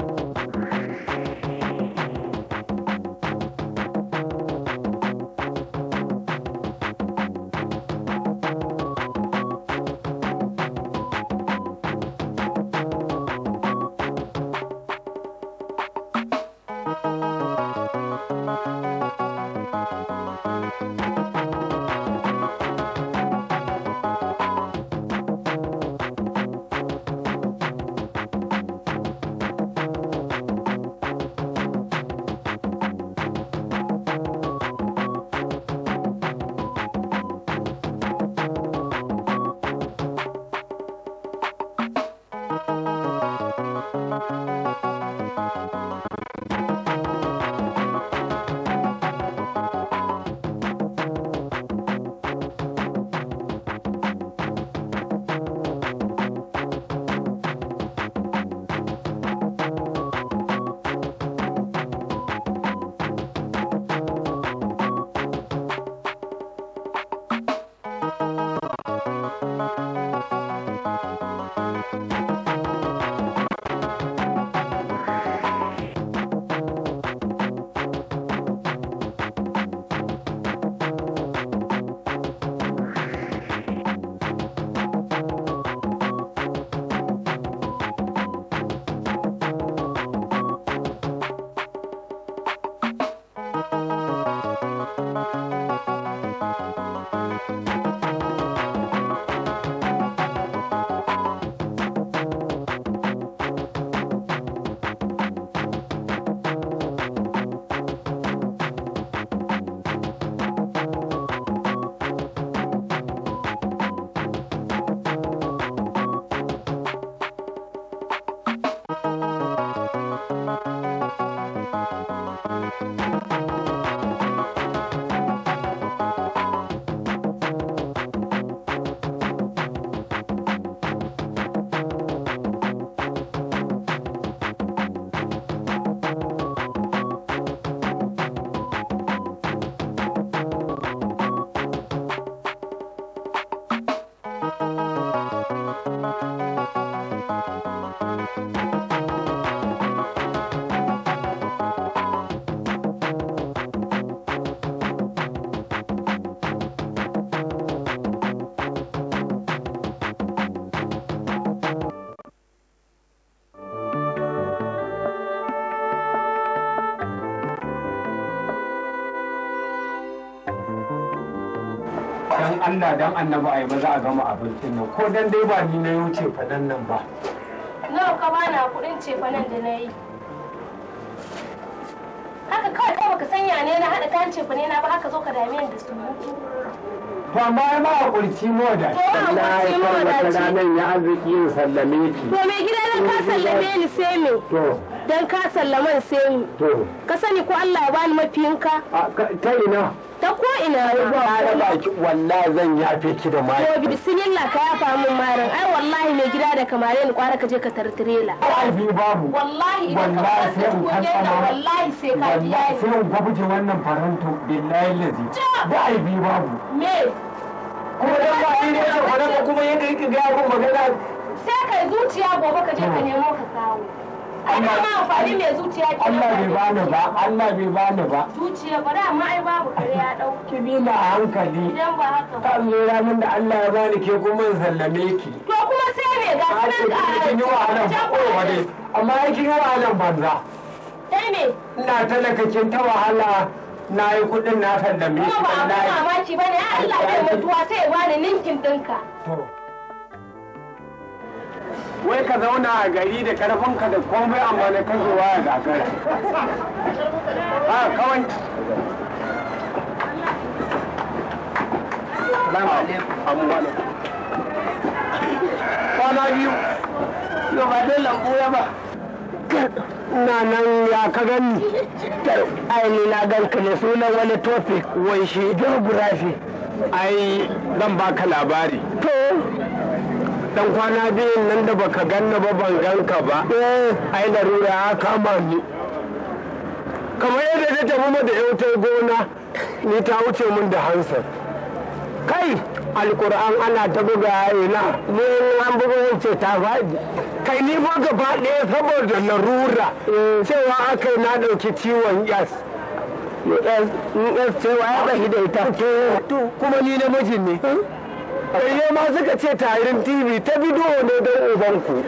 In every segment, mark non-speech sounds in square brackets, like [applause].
you Allah dan annabi ai ba za a gama abincin nan ko dan dai ba ni na yau ce fadan nan ba nawa ka bana kuɗin ce fadan da na yi? haka kawai kai baka sanya ne na hada kan ce fane na ba haka zo ka dame ni da su to amma ai ma hakurci moda wallahi kar wata nan ya arziki in sallame ki to me gida dan ka sallame ni sai me to dan ka sallaman sai ni to ka sani ko Allah ya bani mafiyanka ta ina ina wallahi zan yafe ki da mari to bismillah ka yafa min marin ai wallahi mai gida da kamare ni kwara ka je ka tartirela ai bi babu wallahi wallahi sai mu kantsama wallahi sai ka biya sai mu gwabuje wannan faranto billahi lazi da ai bi babu me ko da ba ni ne ko kuma yadda yake ga ko magana sai kai zuciya gobe ka je ka nemo ka kawo Allah ma amfani mai zuciya ke Allah bai bani ba Allah bai bani ba zuciya ba da amma ai babu kare ya dau ki bi na hankali idan ba haka ba kan lura min da Allah ya bani ke kuma zallame ki to kuma sai me ga sunan ka ki ni amma ai kin wahalan banza dai ne ina talaka kin ta wahala na yi kudin na sallame shi ba ba mamaki bane Allah bai mutuwa sai ya bani ninkin dinka to wai ka zauna a gari da karfinka da komai amma na kashewa ya gagara a ah, kawai kwana biyu yau ba dai lambu ya ba na nan ya ka gani aini na ganka ne sunan wani topic wai shi geography ai zan baka labari to dan kwana biyun nan da baka ganna ba ban ganka ba eh. ai larura ya kama ni kamar yadda ta tafi da yau gona ni ta wuce min da hansar kai alkur'an ana ta buga yana ne an buga ta faɗi kai ni ba gaba ɗaya saboda larura eh. cewa aka na ɗauki ciwon yas cewa ya ɗauki da ita kuma ni namiji ne eh. Ɗanye eh, ma suka ce tarin TV ta bidiyo ne don ubanku.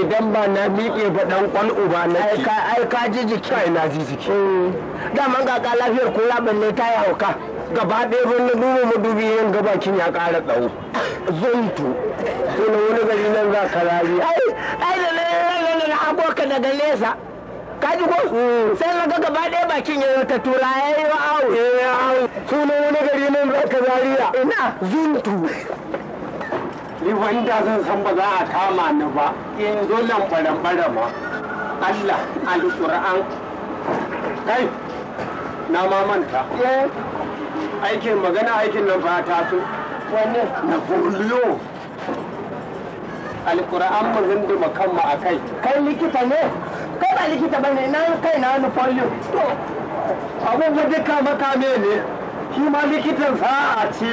Idan ba na miƙe ba ɗan ƙwan uba na ke. Ai ka ji jiki. Kai na ji jiki. Mm. Daman ga ka lafiyar kula balle ta yi hauka. Gaba ɗaya ban na duba mu dubi yin gabakin ya ƙara tsawo. Zontu. Tuna wani gari nan za ka rari. Ai ai da na na abokan daga nesa. Ka ji ko? Mm. Sai na ga gaba ɗaya bakin ya ta tura ya yi wa awo. Ya yi awo. Sunan ka zariya ina zuntu ni wanda zan san ba za a kama ni ba in dole baran bara ma Allah alquran kai na ma manta eh. aikin magana aikin nan ba ta so wani na furliyo alquran mu kan kanmu a kai kai likita ne kai ba likita bane na kai na nufalliyo to abubuwa duka makame ne shi ma likitan sa'a ce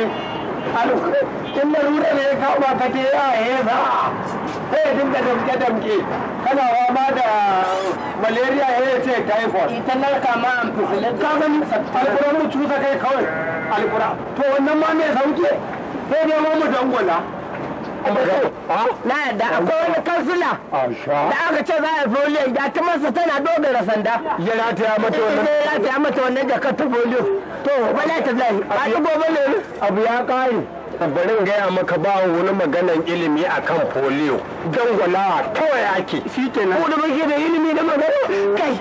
in larura ne ya kama ka te ya ya sa'a sai ya dinga damke damke kana ma da malaria ya ce typhoid ita narka ma ampicillin ka gani alkuran mu cuta kai kawai alkuran to wannan ma mai sauke sai dai mu dangwala na yadda akwai wani kansila da aka ce za a yi foliyo ya ta masa tana dogara sanda ya rataya mata wannan ya rataya mata wannan jakar ta foliyo to wala ta zai a gobe ne abu ya kare barin gaya maka ba wani maganan ilimi akan polio dangwalawa kawai ake shi ke ko da muke da ilimi da magana kai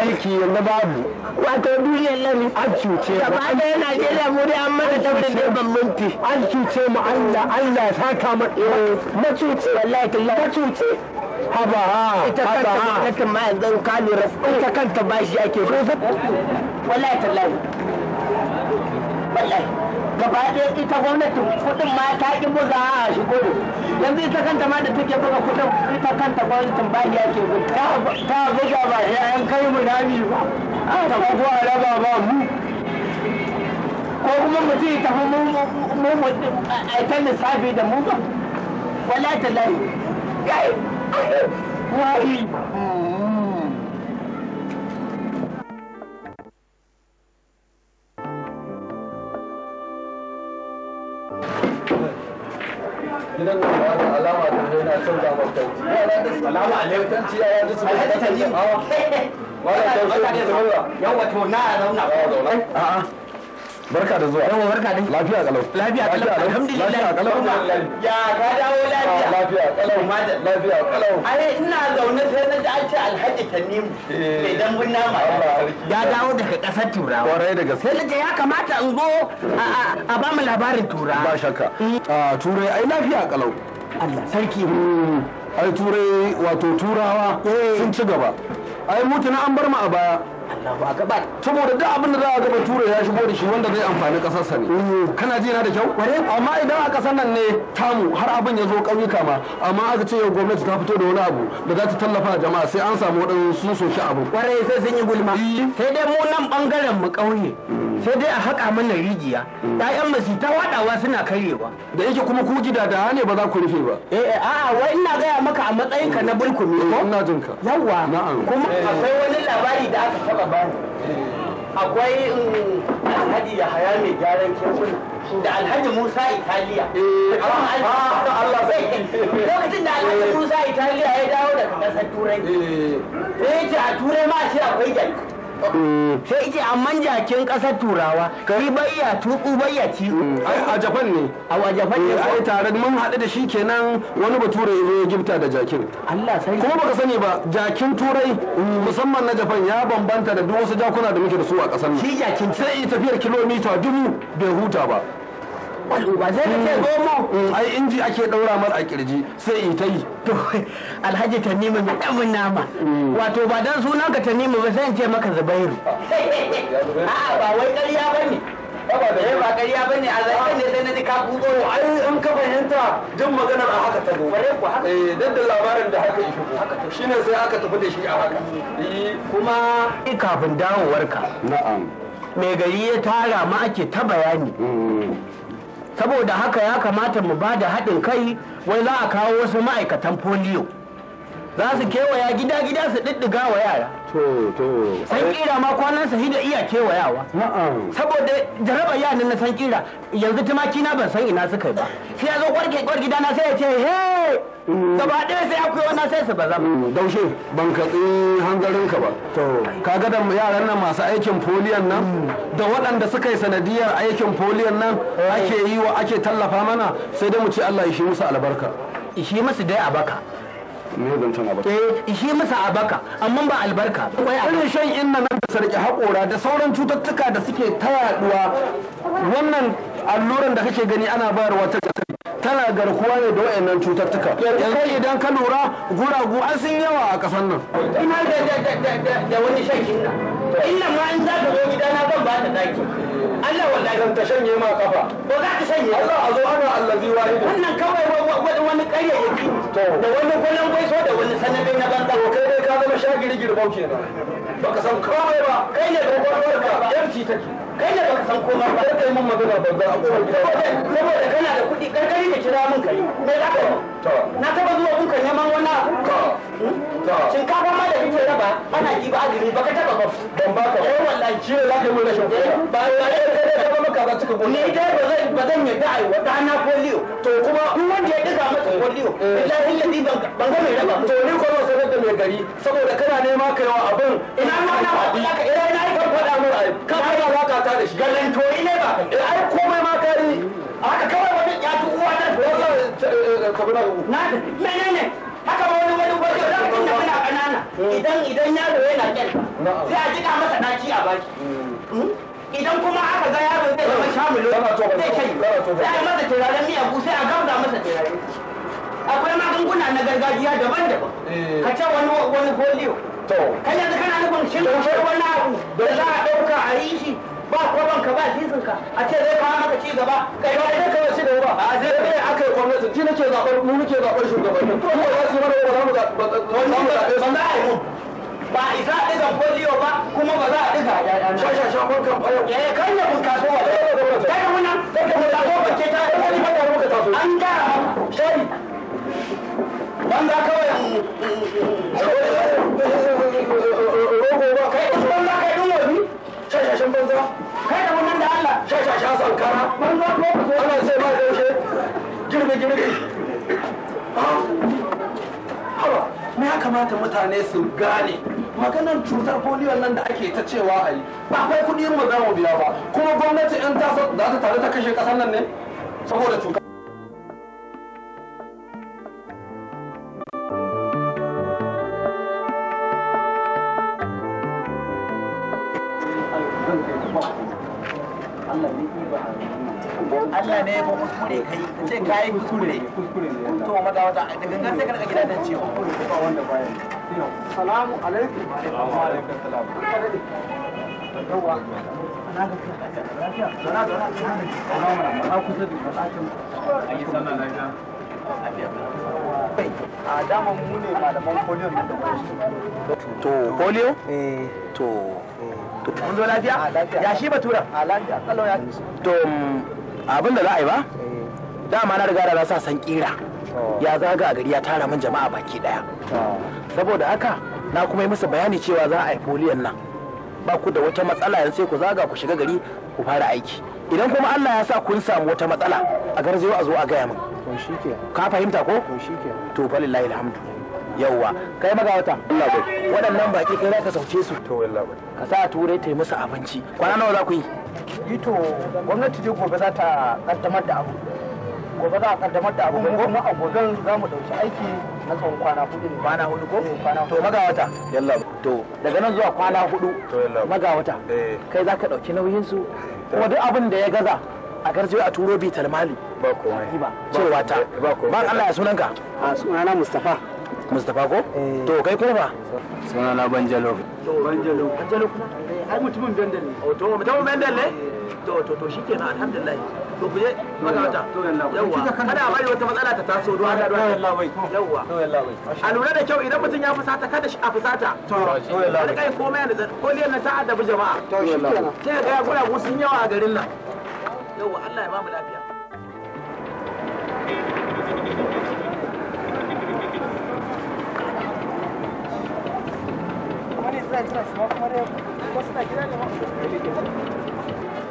aiki yanzu babu wato duniyar lami an cuce mu gaba ɗaya najeriya mu dai an mana tabbatar da ban minti an cuce mu allah allah ta saka mu eh, macuci wallahi tallahi cuce haba ha ita kanta gwamnatin ma yanzu ka lura ita kanta bashi ake wallahi tallahi wallahi gaba ɗaya ita gwamnati kuɗin ma ta ƙi buga a shigo yanzu ita kanta ma da take buga kuɗin ita kanta gwamnatin ba ya ke ta buga ba yayan kai mu rami ba ta kuma a raba ba mu ko kuma mutum ya tafi mu mu a ta lissafi da mu ba wala ta layi kai wari barka da lafiya kalau lafiya kalau alhamdulillah kalau ya dawo lafiya lafiya kalau lafiya kalau ai ina zaune sai na ji an alhaji tanim mai nama ya dawo daga kasar turawa kwarai ya kamata in zo a ba mu labarin turawa ba shakka turai ai lafiya kalau Allah sarki ai turai wato turawa eh. sun ci gaba ai mutuna an bar mu a baya Allahu akbar saboda duk abin da za a ga tura ya shigo da shi wanda zai amfani kasar sa ne mm. kana ji yana da kyau amma idan a kasar nan ne tamu har abin ya zo ƙauyuka ma amma aka ce yau gwamnati ta fito da wani abu da za ta tallafa jama'a sai an samu sun soki abu kwarai sai sun yi gulma eh. sai dai mu nan bangaren mu ƙauye sai dai a haƙa mana rijiya ɗayan mm. masu ta wadawa suna karyewa da yake kuma ku gida da ne ba za ku rufe ba eh, eh a'a wai ina gaya maka a matsayinka na bulkumi ko eh, ina jinka yawa kuma akwai wani labari da aka akwai mm, alhaji ya haya mai gyaran kekuna da alhaji musa italiya eh, ah, ah, lokacin da alhaji eh. musa italiya ya dawo daga ƙasar turai eh. ya ce a turai ma ce akwai gyalli Mm. sai ce amman jakin kasar turawa kai bayya tuku bayya ci mm. a japan ne a japan ne eh, ai tare mun haɗu da shi kenan wani bature ya gifta da jakin Allah sai kuma baka sani ba jakin turai musamman na japan ya bambanta da duk wasu jakuna da muke da su a kasar nan shi jakin sai tafiyar kilomita dubu bai huta ba ba sai ka ce zomo mm, ai inji ake daura mar a kirji sai in ta yi to [laughs] alhaji tanimu mai ɗabin nama mm. wato ba dan suna ka tanimu ba sai in ce maka zubairu [laughs] a'a ba wai ƙarya bane saboda ba ƙarya bane eh, a zai ne sai na ji ka kuɗo ai in ka fahimta jin magana a haka ta gobe ku haka eh da labarin da haka ya shigo shine sai aka tafi da shi a haka eh, kuma kafin dawowarka na'am mai gari ya tara ma ake ta bayani mm. saboda haka ya kamata mu ba da haɗin kai wai za a kawo wasu ma'aikatan foliyo za su kewaya gida-gida su ɗiɗɗiga wa yara To, to. San kira ma kwanan sa da iya kewayawa. Saboda jaraba ya na san kira yanzu tumaki na ban san ina suka yi ba. Sai ya zo kwarke kwarki dana sai ya ce he. Mm. Gaba ɗaya sai akwai wannan sai su ba mm, Daushe ban ka hanzarin ka ba. To. Kaga da yaran nan masu aikin foliyon nan mm. da waɗanda suka yi sanadiyar aikin foliyon nan eh. ake yi wa ake tallafa mana sai dai mu ce Allah ya shi musu albarka. Shi musu dai a baka. me zancen abaka eh shi masa abaka amma ba albarka irin shan inna nan da sarki haƙora da sauran cututtuka da suke ta yaduwa wannan alluran da kake gani ana bayarwa ta tana garkuwa ne da waannan cututtuka yanzu idan ka lura guragu an sun yawa a kasan nan ina da wani shan inna inna ma in za ka zo gidana ban ba ta daki Allah wallahi kan ta shanye ma kafa ba za ta shanye Allah a zo ana allazi wahid wannan kawai wani ƙarya yake to da wani golan gwaiso da wani sanadin na banza to kai dai ka zama shagiri girbau kenan baka san komai ba kai ne da gwalwarka yanci take kai ne baka san komai ba kai mun magana banza a kowar gida saboda kana da kuɗi karkari da kira mun kai me ka yi na ana ki ba azumi ba ka taba ba ban ba ka ba eh, wallahi shi ne zaka mu rashin kuɗi eh, ba ya ne ka ba maka ba tuka ni dai ba zan ba zan yadda ai wa dana polio to kuma in wanda ya diga masa eh. polio billahi ladi ban ban ga mai raba to ni ko ba da mai gari saboda kana nema kai wa abin ina ma na faɗa ka ina ina ka faɗa mu ai ka fara k'a ta da shi gallan to ne ba ai komai ma kari haka kawai wani ya tuwa da na haka ba wani wani wajen lokacin da muna ƙanana idan idan yaro yana ƙyan sai a jika masa ɗaci a baki hmm. Hmm? idan kuma aka ga yaro zai zama shamulo zai kai sai a masa turaren miyagu sai a gauda masa turare akwai magunguna na gargajiya daban-daban eh. ka ce wani wani polio kan yanzu kana nufin shi wani abu da za a ɗauka a yi shi ba kwabanka ba zizinka a ce zai kawo maka ci gaba kai ba zai kawo ci gaba a zai ne aka yi gwamnati ji nake zaɓar mu nake zaɓar shugabanni to ko za su mana ba za mu zaɓe ba za mu zaɓe ba a isa ɗiga polio ba kuma ba za a ɗiga shashashan mulkan bayo eh ya mun kaso wa kai da muna kai da muna ko bace ta da wani fata muka taso an ga shari banda kawai Allah sha sha sha sankara ana sai ba gaushe girbi girbi me ya kamata mutane su gane maganar cutar polio nan da ake ta cewa a yi ba kai kuɗi mu za mu biya ba kuma gwamnati in ta za ta tare ta kashe kasar nan ne saboda cutar Thank you. Allah ne ba kuskure kai ka ce ka yi kuskure to ma da wata daga nan sai ka daga gida dan ciwo salamu alaikum alaikum salam yawa na ga lafiya sana da na kusa da ayi lafiya a dama mu ne malaman to polio eh. to eh. to mun zo lafiya ya shi batura a to abin da za a yi ba eh. dama na riga da na sa san kira oh. ya zaga a gari ya tara min jama'a baki daya oh. saboda haka na kuma yi musu bayani cewa za a yi polio nan ba ku da wata matsala yanzu sai ku zaga ku shiga gari ku fara aiki idan kuma Allah ya sa kun samu wata matsala a garzayo a zo a gaya min ka fahimta ko to fa lillahi alhamdu yawwa kai maga wata waɗannan baki kai zaka sauce su to ka sa turai ta yi musu abinci kwana nawa za ku yi ito gwamnati dai gobe za ta kaddamar da abu gobe za a kaddamar da abu gobe a gobe za mu dauki aiki na tsawon kwana hudu ne kwana hudu ko eh, to maga wata yalla to daga nan zuwa kwana hudu to maga wata eh. kai za ka dauki nauyin su kuma duk abin da ya gaza a garje a turo bi talmali ba komai ba cewa ta ba Allah ya sunanka a sunana Mustafa mustapha ko eh. to kai kuma ba suna na banjalo to banjalo banjalo kuma ai mutumin bendel ne oh, to mutumin bendel ne eh. to to to shikenan alhamdulillah to kuje ku je makaranta yawa kada bari wata matsala ta taso duwa da duwa yalla bai yawa to yalla a lura da kyau idan mutun ya fusata kada shi a fusata to yalla bai kai komai da ko liyan ta addabi jama'a to shikenan sai ga gura gusun yawa a garin nan yawa Allah ya ba mu lafiya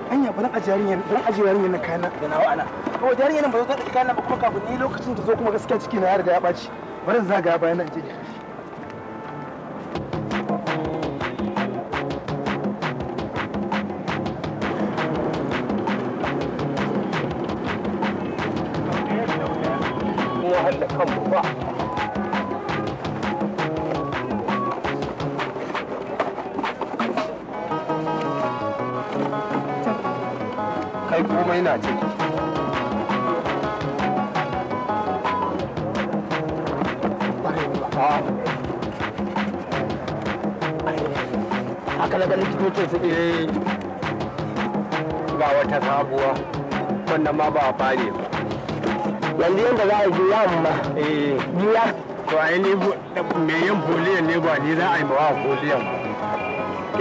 hanya ba zan ajiye yarinyar ba zan ajiye yarinyar na kayana da nawa ana kawai yarinyar ba zan ajiye kayana ba kuma kafin ni lokacin ta zo kuma gaskiya ciki na ya riga ya ɓaci bari zaga bayan nan je fari yanzu yadda za a je yawon ma biya eh. to a yi me yin foliyan ne ba ni za a yi mawa foliyan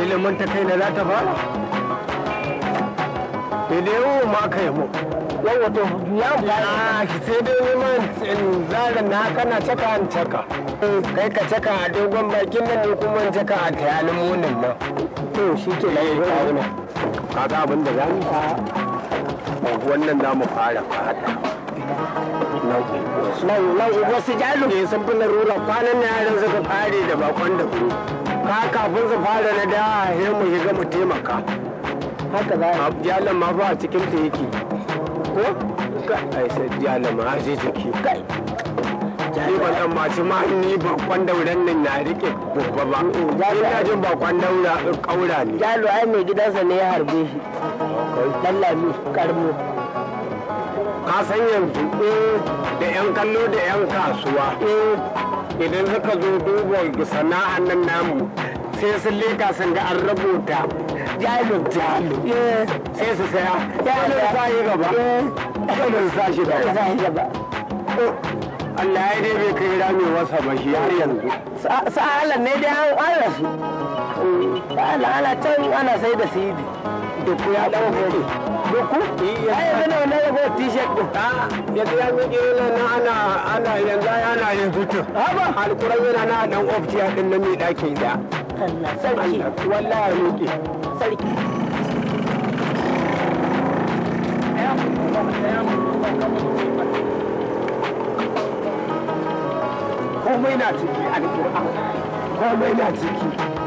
ilimin ta kai na za ta fara idan ma ka yi mu yau wato ya fara ki sai dai neman zaran na kana caka an caka eh, kai ka caka a dogon bakin nan ne kuma caka a tayalin munin nan to shi ke yi eh, ka ga abin da za mu unguwan nan namu fara fada nan unguwa su jalu ne sun fi larura kwanan na yaran suka fare da bakon da ku ka kafin su fara na da he mu shiga mu taimaka haka za a jalan ma ba a cikin ta yake ko ai sai jalan ma a jiki kai ban dan masu ma ni bakon dauran nan na rike babba ba mm, ina jin bakon daura kaura ne jalo ai mai gidansa ne ya harbe shi Dallami Karmo. Ka san yanzu eh, da 'yan kallo da 'yan kasuwa eh, idan suka zo duba sana'an nan namu sai sun leka sun ga an rubuta jalo jalo sai su saya jalo sa yi gaba jalo sa shi gaba Allah ya dai bai kai rami wasa ba shi har yanzu sa'alan ne dai an ƙwara su sa'alan ana can ana sai da sidi to ko ya ko hore doku ai yanzu na wannan ya t-shirt din ah, yanzu ya na yana ana ana yanzu ana hutu yana na dan ofciya din na mai ɗakin da Allah sarki wallahi miƙe sarki komai na ciki komai na ciki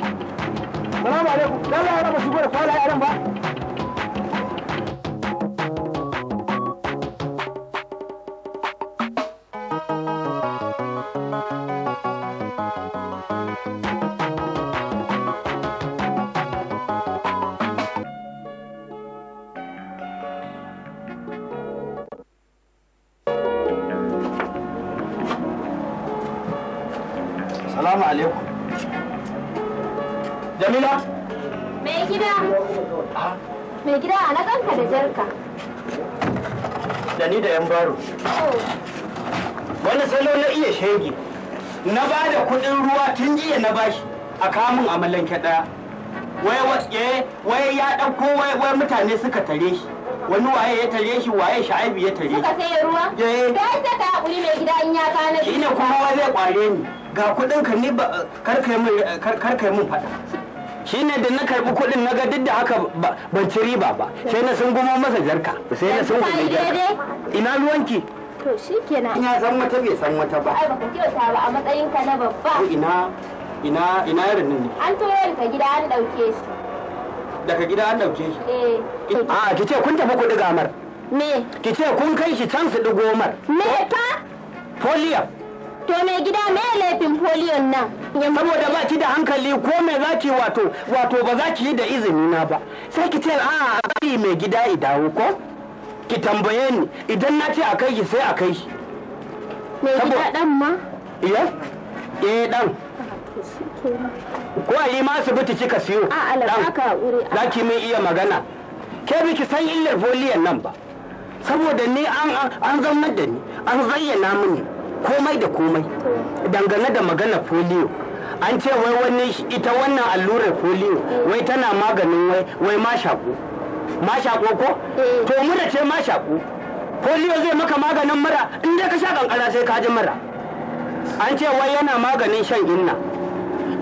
Assalamu alaikum. Jamila? Mai gida. Mai gida a ah. na kanka da jarka. Da ni da yan baro. Oh. Wani salo na iya shege. Na ba da kuɗin ruwa tun jiya na bashi a kamun amalan ɗaya. Eh, wai ya ɗauko wai mutane suka tare shi. wani waye ya tare shi waye sha'ibu ya tare shi. Suka sai ruwa? Eh. Da sai ka haƙuri mai gida in ya kana. Shi ne kuma zai ƙware ni. ga kuɗinka ka ni ba karkai mun karkai mun faɗa shine da na karbi kuɗin na ga duk da haka ban ci riba ba sai na sun gumo masa jarka sai na sun gumo jarka ina ruwanki to shikenan ina san wata bai san wata ba ai baka kyauta ba a matsayin ka na babba ina ina ina yaron nan ne an to yaron ka gida an dauke shi daga gida an dauke shi eh a ah, kice kun tafi kuɗi gamar me kice kun kai shi can su digo mar me fa polio To mai gida me laifin foliyon nan? Saboda ba ki da hankali ko me za ki wato wato ba za ki yi da izini na ba. Sai ki ce a kai mai gida i dawo ko? Ki tambaye ni idan na ce a kai ki sai a kai. Mai gida dan ma? Iya? Eh dan. Eh, ko a yi ma asibiti kika siyo? A alaka wuri. Za ki mai iya magana. Ke bi ki san illar foliyon nan ba. Saboda ni an an zaunar da ni an zayyana mini. komai da komai dangane da magana folio an ce wai wani ita wannan allurar polio wai tana maganin wai wai ma mashaku ko eh. to mu da ce mashaku polio zai maka maganin mura in dai ka sha kankara sai ka ji mara an ce wai yana maganin shan inna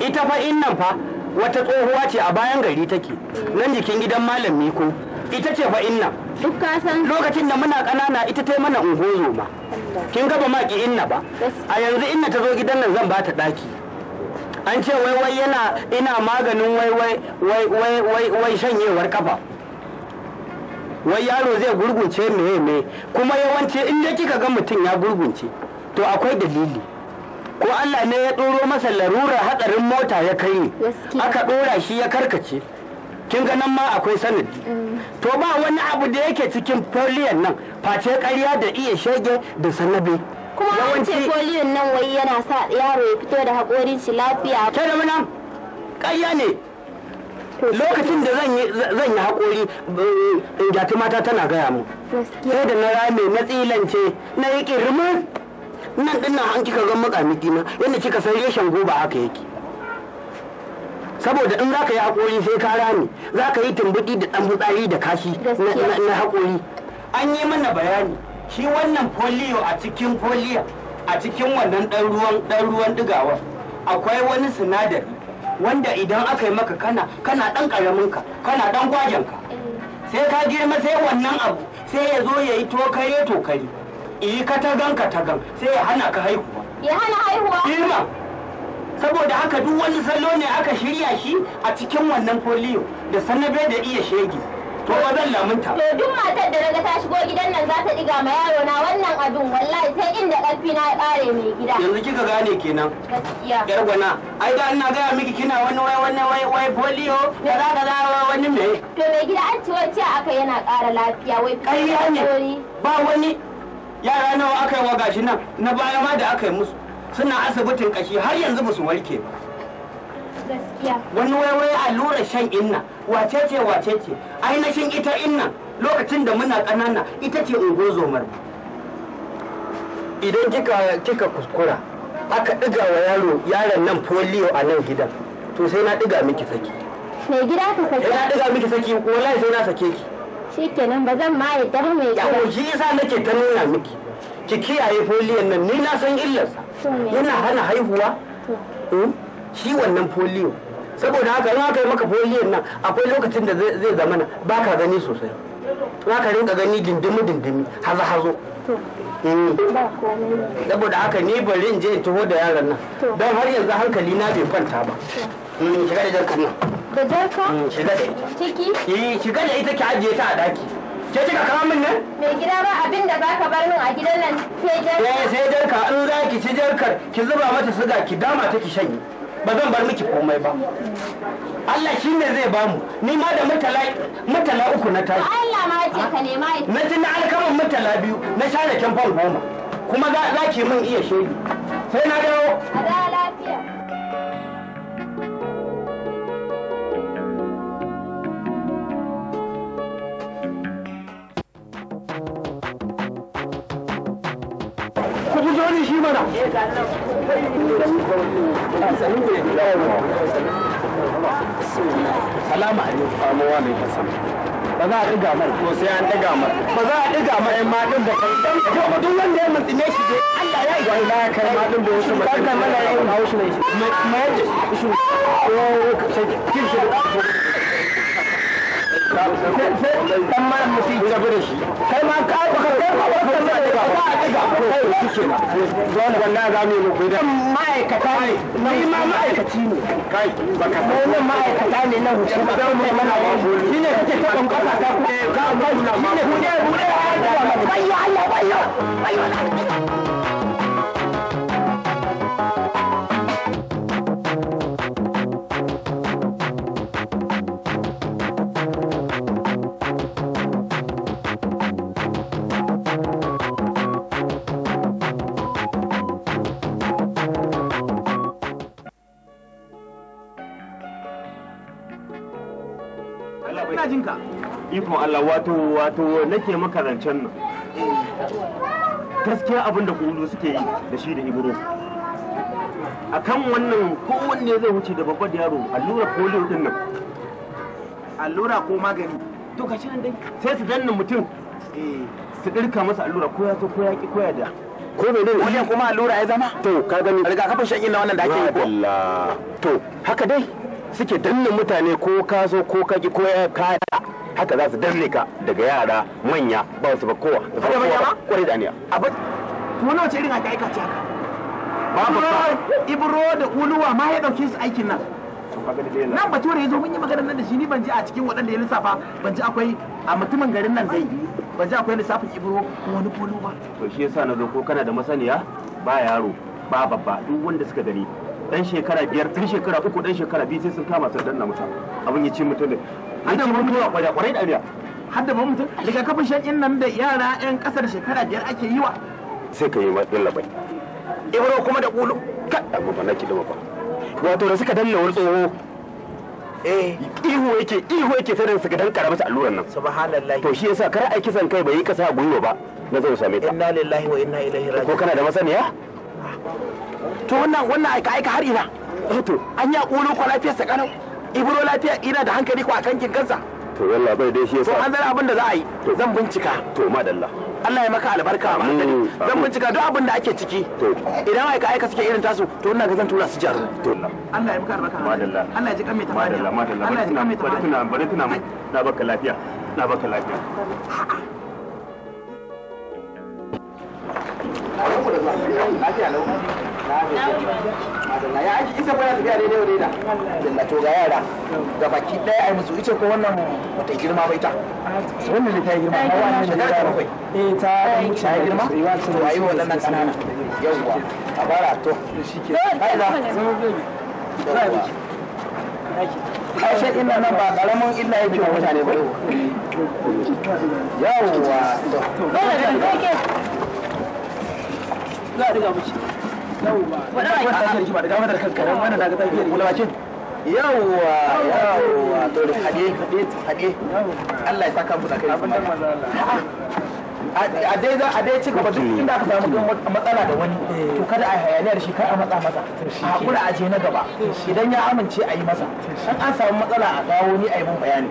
ita fa innan fa wata tsohuwa ce a bayan gari take nan jikin gidan malami ko ita ce fa innan lokacin da muna kanana ita ta yi mana ungozo ma kin gaba ma ki inna ba a yanzu inna ta zo gidan nan zan ba ta daki an ce wai wai yana ina maganin wai wai wai wai wai wai shanyewar kafa wai yaro zai gurgunce me me kuma yawanci in dai kika ga mutum ya gurgunce to akwai dalili ko Allah ne ya ɗoro masa larurar hatsarin mota ya kai ni aka ɗora shi ya karkace kin ga nan ma akwai sanin mm. to ba wani abu da yake cikin foliyon nan face ƙarya da iya shege da sanabe kuma yawanci foliyon nan wai yana sa yaro ya fito da haƙorin shi lafiya ke da muna ƙarya ne lokacin da zan yi haƙori eh, eh, gyatu mata tana gaya mu sai da na rame na tsilance na yi ƙirmin nan ɗin an kika ga makamiki na yadda kika san reshen goba haka yake saboda in zaka yi haƙori sai ka rame zaka yi tumbuɗi da ɗan fitsari da kashi na haƙori an yi mana bayani shi wannan foliyo a cikin foliyo a cikin wannan ɗan ruwan ɗan ruwan ɗigawa akwai wani sinadari wanda idan aka yi maka kana kana ɗan ƙaramin ka kana ɗan gwajen ka sai ka girma sai wannan abu sai ya zo ya yi tokare tokare iya ka tagan ka tagan sai ya hana ka haihuwa ya hana haihuwa saboda haka duk wani sallo ne aka shirya shi a cikin wannan foliyo da sanabe da iya shege to ba zan lamunta to duk matar da daga ta shigo gidan nan za ta diga ma yaro na wannan abin wallahi sai inda karfi na kare mai gida yanzu kika gane kenan gaskiya yar gwana ai da ina gaya miki kina wani wai wani wai wai foliyo da za ka zawa wani me to mai gida an ci wacce aka yana ƙara lafiya wai kai ne ba wani yara nawa aka yi wa gashi nan na baya ma da aka yi musu suna asibitin kashi har yanzu ba su warke ba wani waiwai allurar shan inna wace ce wace ce ainihin ita inna lokacin da muna ƙanana ita ce ungozomar idan kika kika kuskura aka ɗiga wa yaro yaron nan polio a nan gidan to sai na ɗiga miki saki mai gida ka saki na ɗiga miki saki wallahi sai na sake ki shikenan ba zan ma yarda mai gida yawo shi yasa nake ta nuna miki ki kiyaye polio nan ni na san illarsa yana hana haihuwa eh, shi wannan polio saboda haka ya kai yi maka polio nan akwai lokacin da zai zama na ba ka gani sosai za ka rinka gani dindimi dindimi haza hazo mm. saboda haka ni barin je in taho da yaran nan don har yanzu hankali na bai kwanta ba mm, shiga da jarkar nan da jarka mm, shiga da ita ciki eh, shiga da ita ki ajiye ta a daki Ke kika kawo min nan? Mai gida ba abin da zaka bar min a gidan nan sai jarka. Eh sai jarka in za ki ci jarkar ki zuba mata suga ki dama ta ki shanye. Ba zan bar miki komai ba. Allah shi ne zai bamu ni ma da mutala mutala uku na tashi. Allah ma ce ka nema ita. Na ci na alkaman mutala biyu na share kyan fan goma. Kuma za ki min iya shedi. Sai na dawo. A da lafiya. da shi mana salamu alaikum ba za a ɗiga mai to sai an ɗiga mai ba za a ɗiga mai ma ɗin ba kai duk wanda ya mutsine shi dai Allah ya yi wallahi kai ma ɗin ba wasu ba mana haushi ne shi mai shi ko kirki da sai dan mara mutum kai ma ka ba ka kai ma ka ka ka ma'aikata ne ma ka na hukuma da mu mana shi ne kake ka Allah mu Allah wato wato nake maka zancen nan gaskiya abin da kulu suke yi da shi da ibro akan wannan kowanne zai wuce da babbar yaro allura polio din nan allura ko magani to ka shi dai sai su danna mutum eh. su dirka masa allura ko ya so ko ya ki ko ya da ko bai dai wannan kuma allura ya zama to ka gani rigakafin shakin na wannan da ake yi ko to haka dai suke danna mutane ko ka zo ko ka ki ko ka haka za su danne ka daga yara manya ba su ba kowa ba kowa kwarai da aniya abin wani wace irin aika aika ce haka babu ibro da uluwa ma ya dauke su aikin nan nan bature ya zo mun yi magana nan da shi ni ban ji a cikin waɗanda ya lissafa ban ji akwai a mutumin garin nan zai ban ji akwai lissafin ibro ko wani kolo ba to shi yasa na zo ko kana da masaniya ba yaro ba babba duk wanda suka gani dan shekara biyar dan shekara uku dan shekara biyu sai sun kama sun danna mutum abin ya ce mutum da ya ce mutum ya kwarai kwarai da ariya har da mutum daga kafin shan nan da yara yan kasar shekara biyar ake yi wa sai ka yi ma dalla bai ibro kuma da kulu kada amma ba na ki da ba wato da suka danna wani tsoho eh ihu yake ihu yake sai suka dan kara masa alluran nan subhanallahi to shi yasa kar ai kisan kai bai yi kasa gwiwa ba na zai same ta inna lillahi wa inna ilaihi raji'un ko kana da masaniya ah. to wannan wannan aika aika har ina eh to an ya ƙoro ko lafiyar sa ibro lafiya ina da hankali ko akan kin kansa to wallahi bai dai shi yasa to an zara abin da za a yi zan bincika to madalla Allah ya maka albarka ba zan bincika duk abin da ake ciki idan aika aika suke irin tasu to wannan ga zan tura su jaru to Allah ya maka albarka madalla Allah ya ji kan mai madalla madalla Allah ya ji kan mai tabari tuna bari tuna na baka lafiya na baka lafiya lafiya you. madalla ya aiki isa tafiya daidai da to ga yara ga baki daya ai musu ita ko wannan girma wannan ne ta girma ba wannan ne eh ta girma kanana yawwa a fara to shike kai da Kashe ina nan ba karamin illa yake wa mutane ba. Yawwa. da yawwa to da hade hade Allah ya saka muku da kai abin da manzo a dai za a dai ci gaba duk inda aka samu matsala da wani to kada a hayaniyar shi kar a matsa masa a hakura a je na gaba idan ya amince a yi masa an an samu matsala a kawo ni a yi mun bayani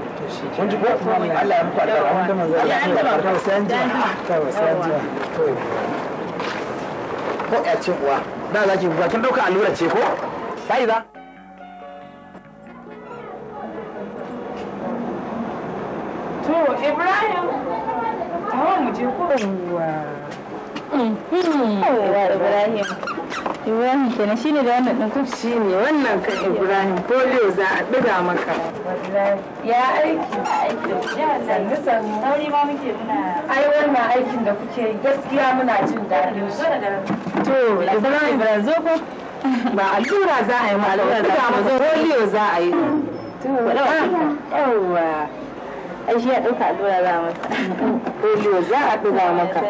kun ji ko Allah ya muku albarka Allah ya albarka sai an sai an ji ko ya ce uwa da za ki kuka dauka ɗauka allura ce ko fa'iza to ibrahim tawo mu je kuwa ibrahim Ibrahim kenan shi ne da wannan ɗin Shi ne wannan ka Ibrahim polio za a ɗiga maka. Ya aiki. Ya sannu sannu. Sauri ma muke muna. Ai wannan aikin da kuke gaskiya muna jin daɗin To Ibrahim Ibrahim zo ko? Ba allura za a yi ma allura za a yi polio za a yi. To ah, yawwa. ai shi ya ɗauka allura masa [laughs] polio za a ɗora maka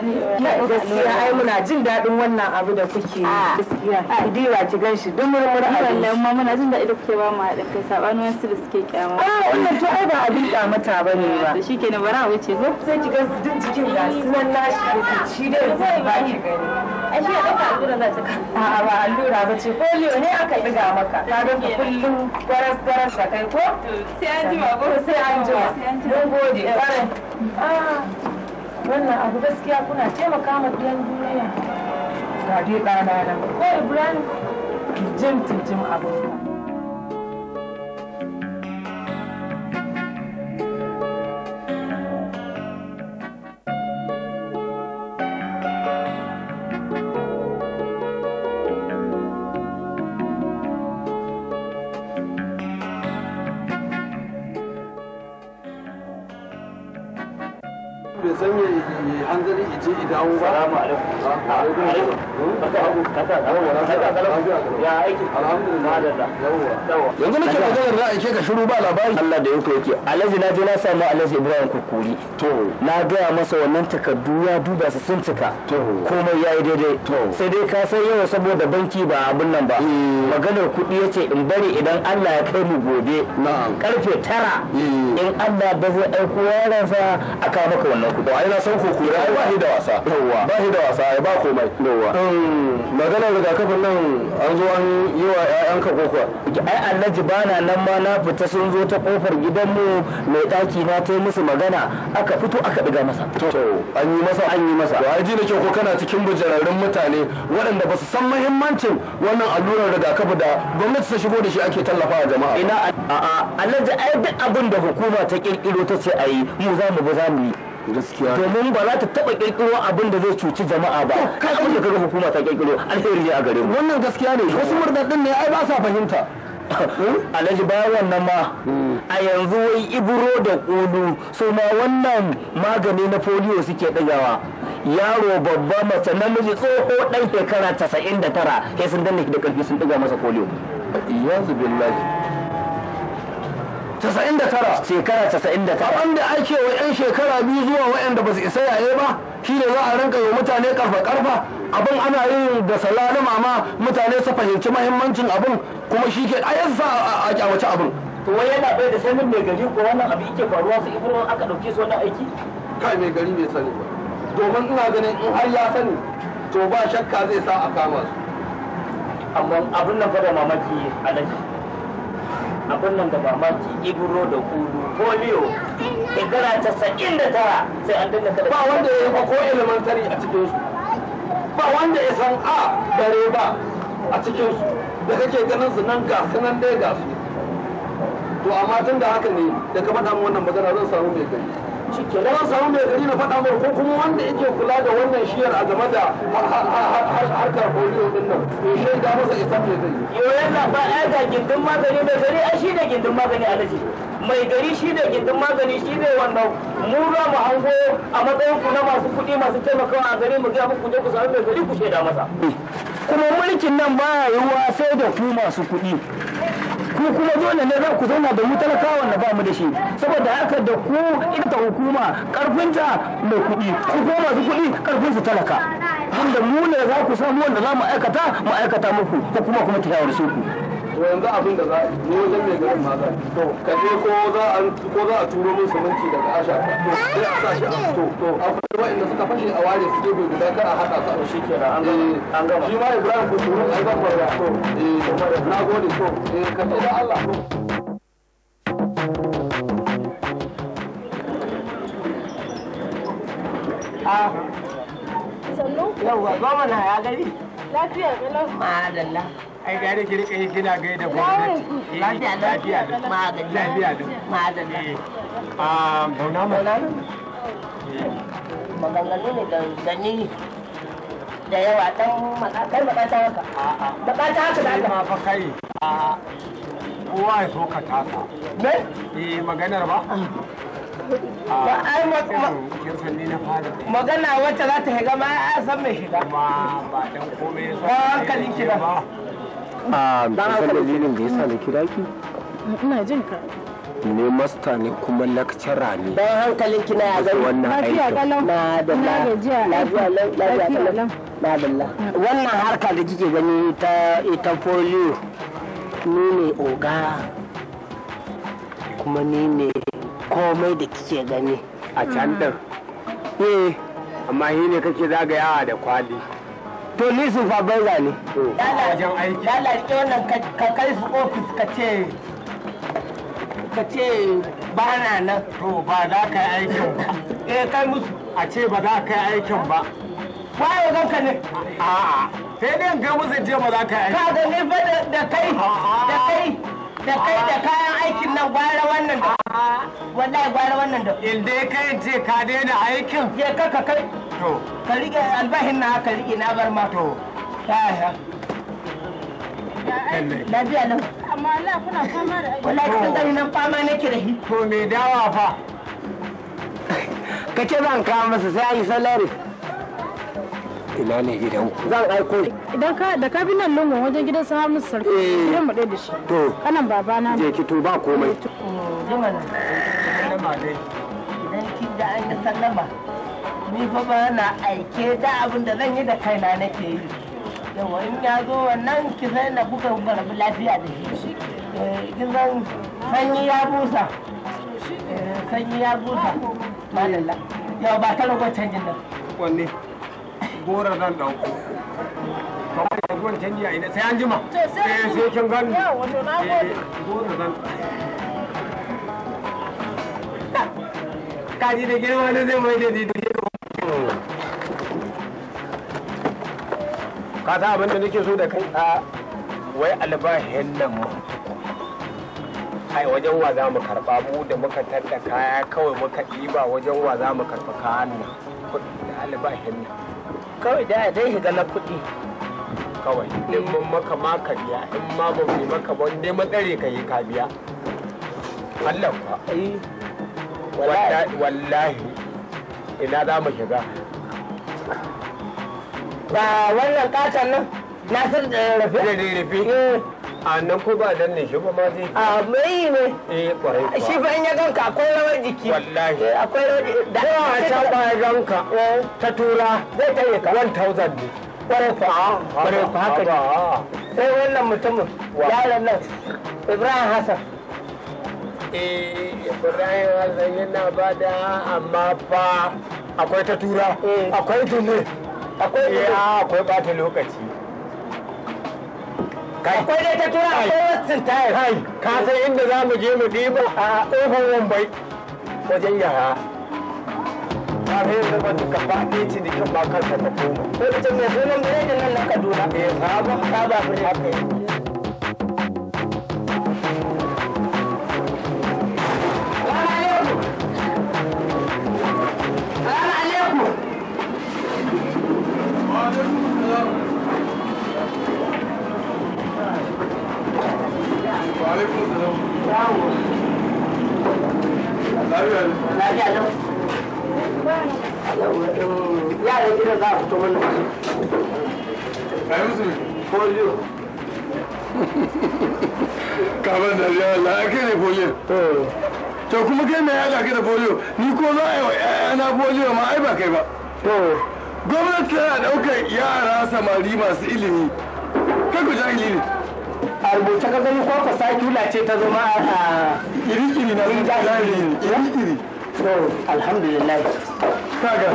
gaskiya ai muna jin daɗin wannan abu da kuke ah. gaskiya ah. diwa ki gan shi duk murmur a wannan ma muna jin daɗin da kuke ba mu haɗin kai sabanin wasu da suke kyama a ah, wannan to ai ba abin kyamata ba ne ba da shi ke bara wuce ko sai ki gan su duk jikin ga sunan nashi da shi dai zai ba ki gani ai ya ɗauka allura za ta a'a ba allura ba ce polio ne aka ɗiga maka ka ga kullum garas garas da kai ko sai an ji ba ko sai an ji gode ƙwarai ah, wannan abu gaskiya kuna taimaka ma ɗiyan duniya ga dai ɗana nan ko ibrahim tinjim tinjim abubuwa hanzari ije idawo ba salamu alaikum ya alhamdulillah yanzu nake maganar za a ke ka shiru ba labari Allah da yake yake alaji na je na samu alaji Ibrahim Kukuri to na gaya masa wannan takardu ya duba su sun cika komai yi daidai sai dai ka san yawa saboda banki ba abin nan ba eh. maganar kuɗi yace in bari idan Allah ya kai mu gobe karfe tara eh. in Allah ba zai aiko yaransa a kawo maka wannan kuɗi ai ba shi da wasa yawa ba shi da wasa ai ba komai yawa um, maganar rigakafin nan an zo an yi wa ƴaƴan ka kokuwa ai alhaji bana nan ma na fita sun zo ta kofar gidanmu mai ɗaki na ta musu magana aka fito aka ɗiga masa to an yi masa an yi masa to ai ji nake ko kana cikin bujararrun mutane waɗanda ba su san muhimmancin wannan allurar rigakafi da gwamnati ta shigo da shi ake tallafawa jama'a ina a'a alhaji ai duk abin da hukuma ta kirkiro ta ce a yi mu za mu ba za mu yi gaskiya domin ba za ta taba kirkiro abin da zai cuci jama'a ba kai abin da kaga hukuma ta kirkiro alheri ne a gare mu wannan gaskiya ne wasu murdadin ne ai ba sa fahimta hmm? alhaji bayan wannan ma hmm. a yanzu wai iburo da kulu so ma wannan magani na polio suke dagawa yaro babba mace namiji tsoho dan shekara casa'in da tara sai sun danne da karfi sun diga masa polio iyazu billahi da tara shekara 99 abin da ake wa 'yan shekara biyu zuwa wa'yan da ba su isa yaye ba shine za a rinka yi mutane karfa karfa abin ana yin da salalima amma mutane su fahimci mahimmancin abin kuma shi ke ayyansa a kyamaci abin to wai yana bai da sanin mai gari ko wannan abu yake faruwa su ibro aka dauke su wannan aiki kai mai gari bai sani ba domin ina ganin in har ya sani to ba shakka zai sa a kama su amma abin nan fa da mamaki alaji abin nan da mamaki iguro da kudu polio shekara sa'in da tara sai an dinga kada ba wanda ya yi ko elementary a cikin su ba wanda ya san a dare ba a cikin su da kake ganin su nan gasu nan dai gasu to amma tun da haka ne da ka wannan magana zan samu mai gani shi na samu mai gari na faɗa mai ko kuma wanda yake kula da wannan shiyar a game da harkar koliyo din nan to shaida masa isa mai gari yau yana ba ya ga gindin magani mai gari a shi ne gindin magani a alaji mai gari shi ne gindin magani shi ne wannan mu ba mu hango a matsayin ku na masu kuɗi masu taimakawa a gari mu ga muku je ku samu mai gari ku shaida masa kuma mulkin nan baya yiwuwa sai da ku masu kuɗi ku kuma dole ne za ku zauna da mu talakawa na ba mu da shi saboda haka da ku ita hukuma karfinta mai kuɗi ku ko masu kuɗi karfin su talaka inda mu ne za ku samu wanda za mu aikata mu aikata muku ko kuma kuma ta yawar su ku to yanzu abin da za a yi wajen mai garin ma za to ka je ko za a ko za a turo min siminti daga asha to sai a sa shi a ah, to to akwai wa'anda suka fashe a ware su gefe guda kar a haɗa su a shi kenan eh, an gama shi ma Ibrahim ku turo ai ban ba to eh na gode to eh ka ce da Allah to Ah, sannu? Yawwa, gwamna ya gari. Lafiya galau. Madalla. Ai gare ki rika yi kina gai da gwamnati. Eh, lafiya lafiya. Magani. Lafiya da. Madalla. Ah, bauna ma. Maganganu ne da gani da yawa dan makakar makata haka. A'a. Makata haka da haka. Ma fa kai. A'a. Kowa ya so ka tasa. Me? Eh maganar ba. Ah. kuɗi ba ai magana wacce za ta shiga ma a san mai shiga ba dan komai ba hankalin ki ba a ah, dan dalilin da yasa na kira ki ina jin ka ne masta ne kuma lakcara ne dan hankalin ki na ya gani wannan aikin na da lafiya lafiya lafiya wannan harka da kike gani ta ita polio ni ne oga kuma ni ne komai da kike gani a can din hmm. eh amma shi ne kake zagayawa da kwali to ni su fa banza ne wajen aiki lala ke wannan ka kai su ofis ka ce ka ce ba na nan to ba za ka yi aikin ba eh kai musu a ce ba za ka yi aikin ba waye ka ne a'a sai dai ga musu je ba za ka yi aikin ka ga ni ba da kai da kai da kai da kayan aikin nan gwara wannan da wallahi gwara wannan da inda kai je ka daina aikin je ka ka kai to ka rike albahin na ka rike na bar ma to yaya lafiya nan amma Allah kuna fama da aiki wallahi kun gani nan fama nake da hi to me dawa fa kace ban kawo masa sai yi salari ina ne gidan ku zan aiko idan ka da ka bi nan lungun wajen gidan sa mu sarki eh. gidan mu da shi to kana baba na je ki to ba komai zaman sallama dai idan kin da an sallama ni fa ba na aike da abin da zan yi da kaina nake yi yawa in ya zo wannan ki sai na buga rabu lafiya da shi eh, kin san sanyi ya busa eh, sanyi ya busa malalla yau ba ta rago canjin nan wanne gora zan ɗauko kamar yanzu wancan a ina sai an jima sai eh, sai kin gani goron nan kaji da girma da zai mai da ni ka ta abin da nake so da kai a wai albahin nan mu ai wajen wa za mu karba mu da muka tattaka kaya kawai muka ɗiba wajen wa za mu karba kayan nan da albahin nan kawai da a dai shiga na kuɗi kawai in mun maka ma biya in ma ba mu maka ba dai matsare ka yi ka biya Allah kuwa wallahi ina za mu shiga ba wannan katon nan na nasir da eh, rafi a nan ko ba dan shi ba ma zai a mai ne eh, shi ba in ya ganka akwai rawar jiki wallahi eh, akwai rawar jiki da a ta ba ya ganka eh, ta tura zai ka 1000 ne fa kware fa haka ne ah, ah. sai wannan mutumin yaron nan Ibrahim Hassan eh Ibrahim Hassan yana amma fa akwai ta tura akwai akwai ah, akwai bata lokaci akwai dai ta tura akwai wasu tayar kai ka san inda za mu je mu ɗiba a ofin wambai wajen yara ta fi yin zaba duka ba ke ci dikin ba kansa ta koma ko da can mai sunan birnin nan na kaduna eh ba ba ba ba ba yaran gidan [laughs] za a fito mana polio kaban da ya la ake ne folio to kuma kai mai yaɗa ka da polio ni ko za a yi wa ƴaƴana polio ma ai ba kai ba gwamnati tana ɗaukar yara samari masu ilimi kai ku jahili ne a rubuce ka gani ko ko sakula ce ta zama a iri-iri na sun jahili iri-iri to alhamdulillah kaga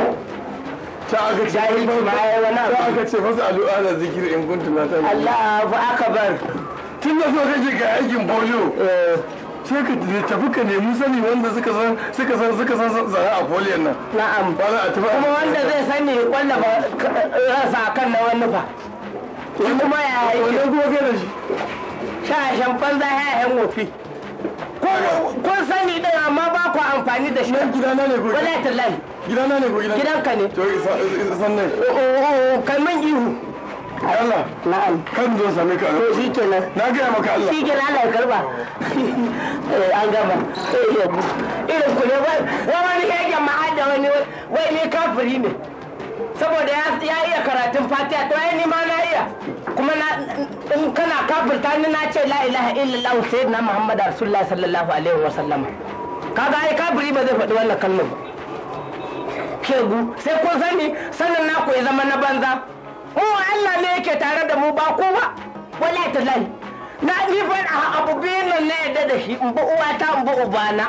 ta aka ce ba ma ya wani abu ta aka ce fasa da zikir in kuntum la ta'lamun Allahu akbar tun da so kake ga aikin bojo eh. sai ka tafi ka nemi sani wanda suka san suka san suka san zara a foliyan nan na'am ba za a tafi kuma wanda zai sani wanda ba eh, rasa kan na wani ba wani kuma ya yake wani kuma ke da shi shashen banza yayan wofi kun sani din amma ba ku amfani da shi gidana ne ko wallahi gidana ne ko gidan ka ne sannan oh, oh, oh, kai man ihu Allah na'am kan zo sami ka to shikenan na ga maka Allah shikenan Allah ya karba [laughs] eh, an gama eh, irin ku ne wai wani yake ma'ada wani wai ni kafiri ne saboda ya iya karatun fatiha to ai ni ma na iya kuma na in kana kafirta ni na ce la ilaha illallah sayyidina muhammad rasulullah sallallahu alaihi wa sallam kaga ai kafiri ba zai faɗi wannan kalmar ba kegu sai ko sani sanin naku ya zama na banza mu Allah ne yake tare da mu ba kowa ta lai na ni fa abu bin nan na yadda da shi in bi uwata in bi ubana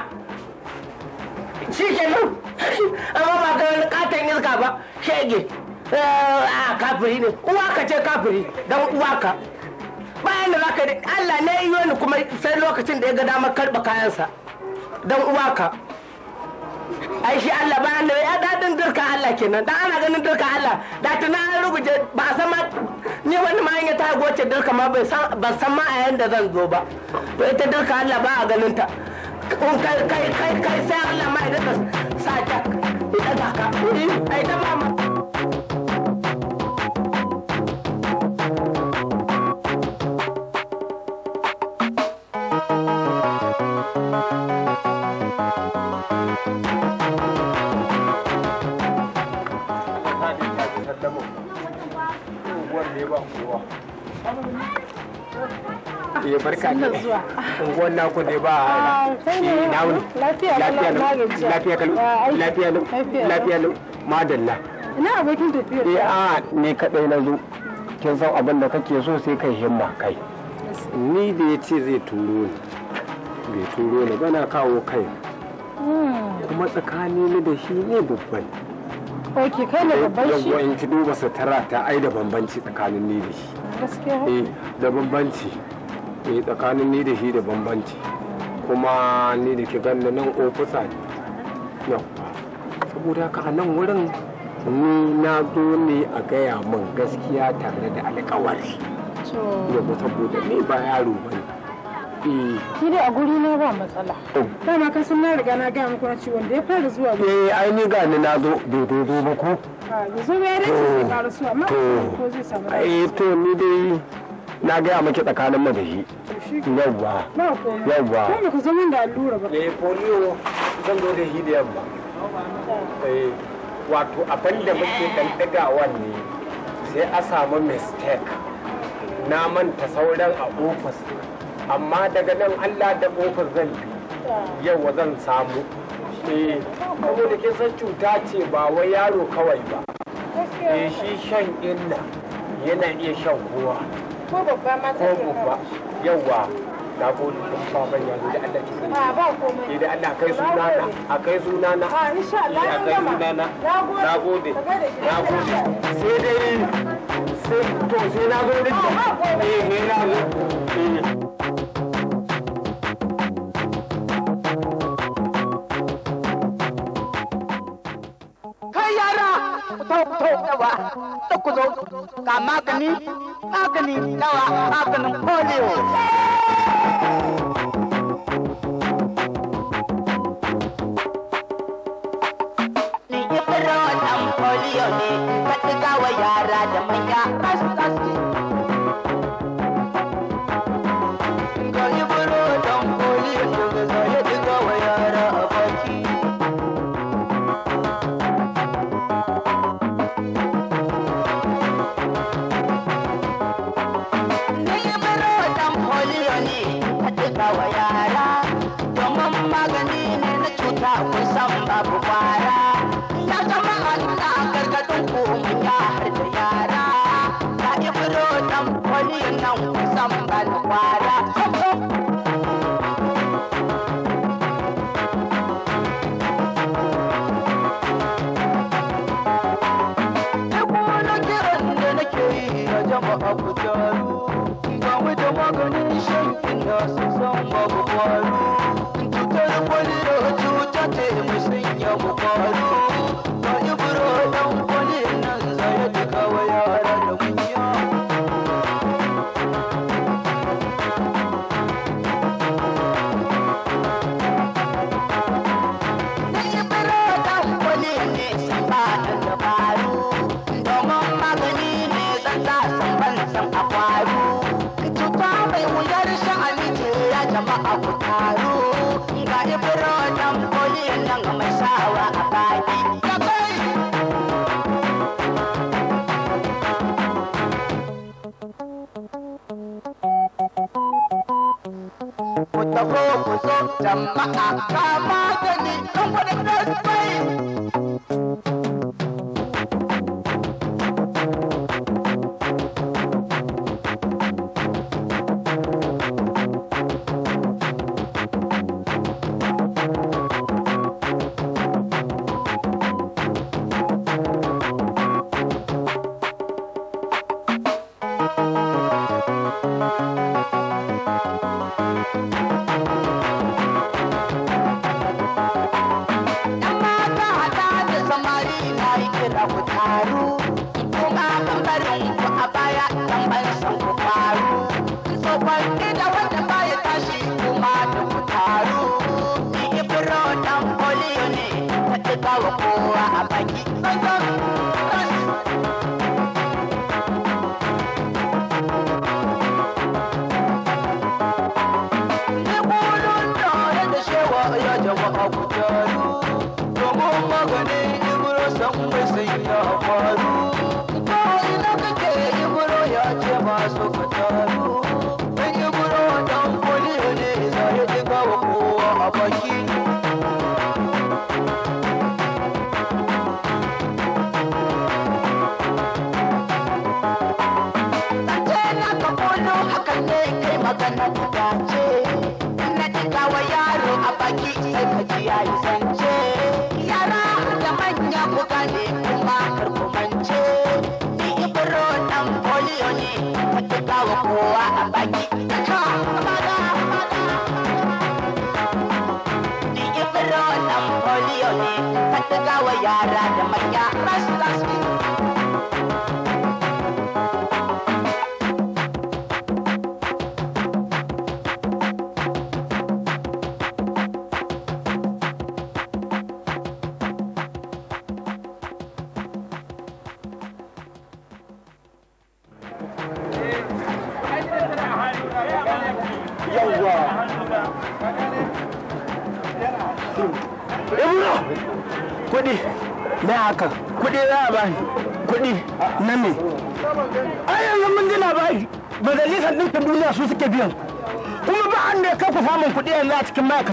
shikenan amma ba ga wani katon iska ba shege eh, a kafiri ne uwa ka ce kafiri don uwa ka bayan da zaka Allah ne yi wani kuma sai lokacin da ya ga damar karɓa kayansa don uwa ka ai shi Allah bayan da ya dadin dirka Allah kenan dan ana ganin dirka Allah da tana an rubuce ba a san ma ni wani ma ya ta goce dirka ma ba san ma a yanda zan zo ba ita dirka Allah ba a ganin ta in kai kai kai kai sai Allah ma ya daga sa ta ya daga ka ai ta mama Thank you. Eh barka da naku ah, ne ba a Na wuni. Lafiya kalau. Lafiya kalau. Lafiya lau. Lafiya lau. Madalla. Ina abokin tafiya. Eh a ne kadai na zo. Kin san abin da kake so sai kai himma kai. Ni da ya ce zai turo ni. Bai turo ni kawo kai. Hmm. Kuma tsakani ni da shi ne babban. Ok, kai ne babban shi. Yawwa in ki duba satara ta ai da bambanci tsakanin ni da shi. Gaskiya. Eh, da bambanci. eh tsakanin ni da shi da bambanci kuma ni da ke ganna nan ofisa ne saboda ka nan wurin ni na zo ne a gaya min gaskiya tare da alkawari yau saboda ni ba yaro ba ne eh. Shi dai a guri na ba matsala oh. dama ka san na riga na gaya muku na ciwon da ya fara zuwa ba eh ai ni ga ni na zo bai ba ko a ah, yanzu ya rage zai fara ma ko zai samu eh to ni dai na gaya maki tsakanin mu da shi yawwa yawwa ku zama da allura ba eh polio zan zo da shi da yamma eh wato abin da muke dan ne sai a samu mistake na manta sauran a ofis amma daga nan Allah da ofis zan bi yawa zan samu eh da kin san cuta ce ba wai yaro kawai ba eh shi shan inna yana iya shan kowa ko babba ma ta ko babba yawa na gode kun baban ya gode Allah ki sani ba komai da Allah kai suna na a kai suna na a insha Allah a kai suna na na gode na gode sai dai sai to sai na eh, na tautautawa da ku zo ga magani magani dawa maganin polio Ni yi ibro dan polio ne ka tuka wa yara da manya maganin shi ina su san babu kwari cutar kwalira Jama'a ka magani, an wani ɗan maganin ibro san bai sai ya faru ta ina kake ibro ya ce masu ka taru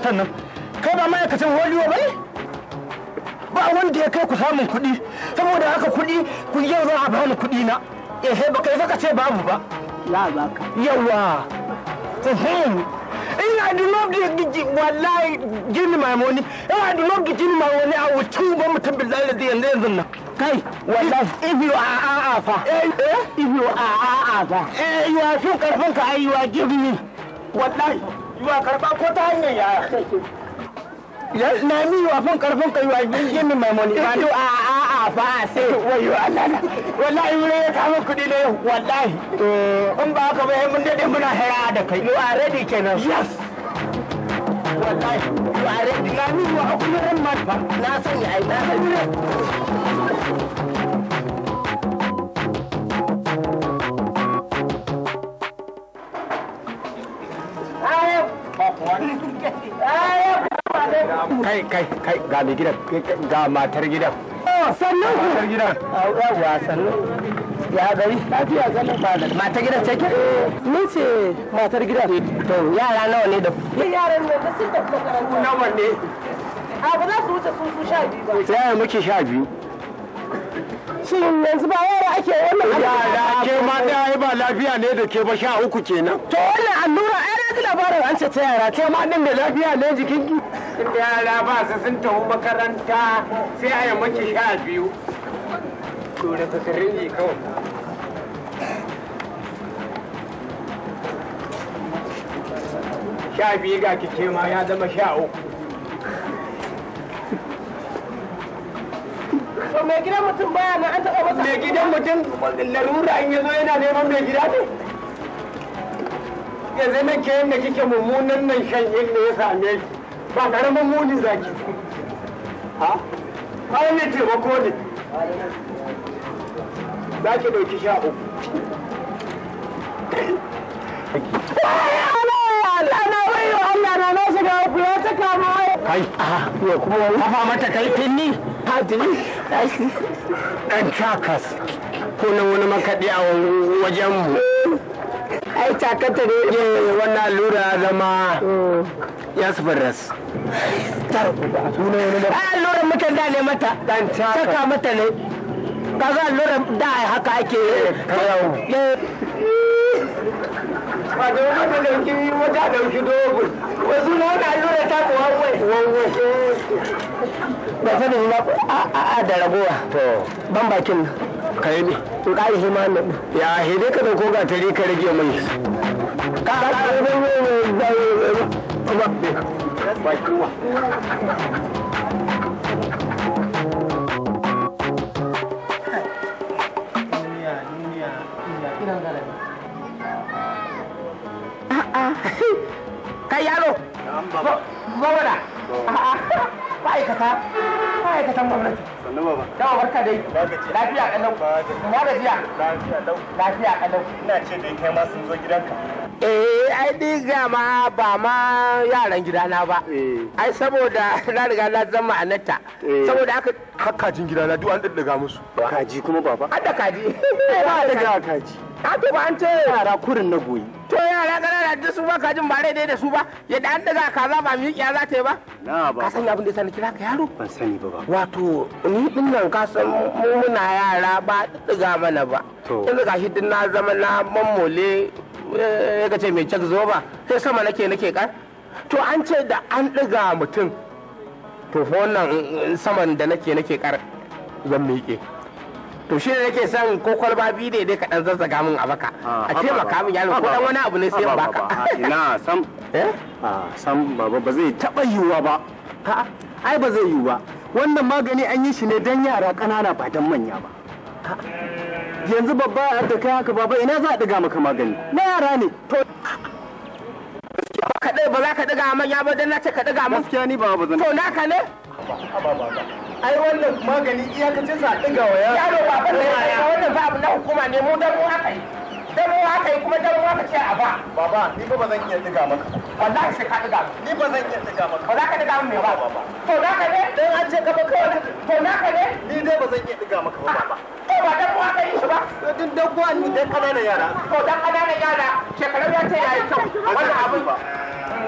ma'aikatan nan kai ba ma'aikatan holiyo ba ba wanda ya kai ku samun kuɗi saboda haka kuɗi ku yau za a bani kuɗi na eh ba kai saka ce babu ba la ba ka yawa in I do not the wallahi gini my money in I do not give you my money I will chew ba mutum billahi da yanzu yanzu nan kai wallahi if you are a ah, ah, fa eh, eh if you are a ah, fa eh you are so karfin ka ai you are giving me wallahi yiwa karba ko ta hanyar yaya na mi wa fin karfin kai wa give me my money ba a a a fa sai wayo Allah wallahi wure ya kawo kudi ne wallahi in ba haka ba mun dade muna hira da kai you are ready kenan yes wallahi you are ready na mi wa kuma ran ma na sanya ai na sanya kai kai kai ga mai gidan ga matar gidan oh, sannan ku matar gidan yawa sannan ya gari lafiya ba da matar gidan ce ke ni ce matar gidan to yara nawa ne da ku yara ne ba su da makarantu nawa ne a ba za su wuce su su sha biyu ba sai muke sha biyu shin yanzu ba yara ake wannan ya yara ke ma da ai ba lafiya ne da ke ba sha uku kenan to wannan allura ai da labarin an ce ta yara ke ma din da lafiya ne jikinki inda yara ba su sun tafi makaranta sai a yi maki sha biyu to da yi kawai sha biyu ga kike ma ya zama sha uku. mai gidan mutum baya na an taɓa masa mai gidan mutum larura in yazo yana neman mai gida ne yanzu na ke yadda kike mummunan nan shan yadda ya same shi ba karamin muni zaki ha kawai ne taimako ne za ki ɗauki sha uku kai ya kuma wani hafa mata kaifin ni hadini dan cakas ko na wani makaɗi a wajen mu ai cakata ne wannan lura zama hmm. ya su alluran mukan da ne mata saka mata ne kaga alluran da haka ake yi ba da wani da dauki wata dauki dogon wasu na wani allura ta kuwa wai ba sanin ba a da ragowa ban bakin kai ne in ƙari shi ma nan ya hede ka dauko gatari ka rage mai ka ƙara da Come up there. That's my Kai [laughs] ma'aikata ma'aikatan gwamnati sannu baba dawa barka dai lafiya kalau ina gajiya lafiya lau lafiya kalau ina ce dai kai ma sun zo gidanka eh ai diga ma ba ma yaran gidana ba eh. ai saboda [laughs] na riga na zama a nata eh. saboda aka hakkajin gidana duk an daddaga musu kaji kuma baba har da kaji [laughs] ba da kaji a to ba an ce yara kurin na goyi to yara ƙanana duk su ba ka jin ba daidai da su ba yadda an daga kaza ba miƙiya za ta yi ba na ba ka san abin da sani kira ka yaro ban sani ba ba wato ni din nan ka san mu muna yara ba daga mana ba ga shi din na zama na mammole ya eh, ce mai cak zo ba sai sama nake nake kan to an ce da an daga mutum to wannan eh, saman da nake nake kar zan miƙe to shi ne nake san ko kwalba biyu da dai ka zazzaga min a baka ah, a ce baka min yaron ko dan wani abu ne sai baka ah, ina sam [laughs] eh ah, sam baba ba zai taba yiwa ba a'a ai ba zai yiwu wannan magani an yi shi ne dan yara ƙanana ba dan manya ba yanzu babba da kai haka baba ina za a ɗiga maka magani na yara ne to ba ka ba za ka ɗiga manya ba dan na ce ka ɗiga mun gaskiya ni ba ba zan to naka ne ai wannan magani iyakacin sa diga wa yaro ba ba ban wannan ba abu na hukuma ne mu dan mu haka da ruwa yi kuma da ka ce a ba baba ni ba zan iya diga maka wallahi sai ka diga ni ba zan iya diga maka ba za ka diga min ba to na ka ne dan an ce ka ba kawai to na ka ne ni dai ba zan iya diga maka ba baba to ba da ka yi shi ba din ni dan kananan yara to dan kananan yara shekaru ya yayi kyau wannan abin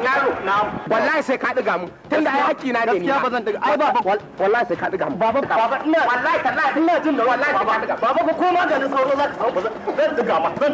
yaro wallahi sai ka mu na ne gaskiya ba zan diga ai baba wallahi sai ka diga mu baba baba ina wallahi tallahi ina jin da wallahi ba diga baba ko ma ga ni sauro zaka zan ma zan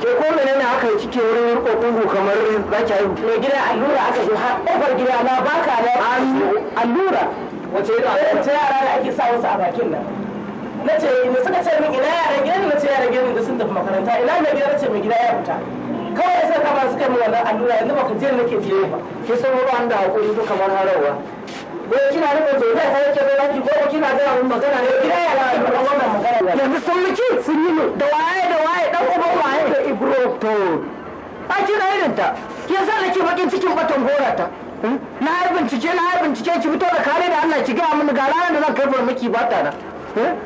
ke ko mene ne aka yi cike wurin riko kungu kamar zaki haihu mai gida allura aka zo har kofar gida na baka na allura wace eh, wace yara da ake sa wasu a bakin nan na ce suka ce min ina yaran gidan na ce yaran gidan da sun tafi makaranta ina mai gida na ce mai gida ya fita kawai sai kama suka min wannan allura yanzu baka je nake je ba ke san ba da hakuri duka kamar harawa ko kina nufin bai zai yake da bai ko kina da mun magana ne gida ya na wannan magana yanzu sun miki sun yi da waye da waye dan uba proctor a kira irin ta ke yasa nake bakin cikin batan gora ta hmm? na yi bincike na yi bincike ki fito da kare da Allah ki gaya mini ga ranar da zan kai farmaki ba ta hmm?